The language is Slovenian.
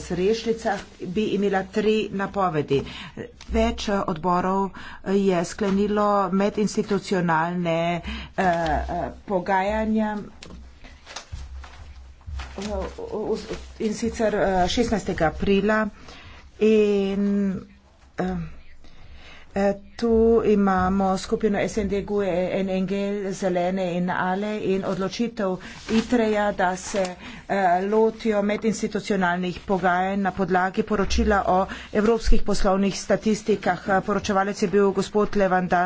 Srešljica bi imela tri napovedi. Več eh, odborov eh, je sklenilo medinstitucionalne eh, eh pogajanja in sicer 16. aprila in eh, E, tu imamo skupino SNDG in e, Engel, Zelene in Ale in odločitev ITREJA, da se e, lotijo medinstitucionalnih pogajanj na podlagi poročila o evropskih poslovnih statistikah. Poročevalec je bil gospod Levandan.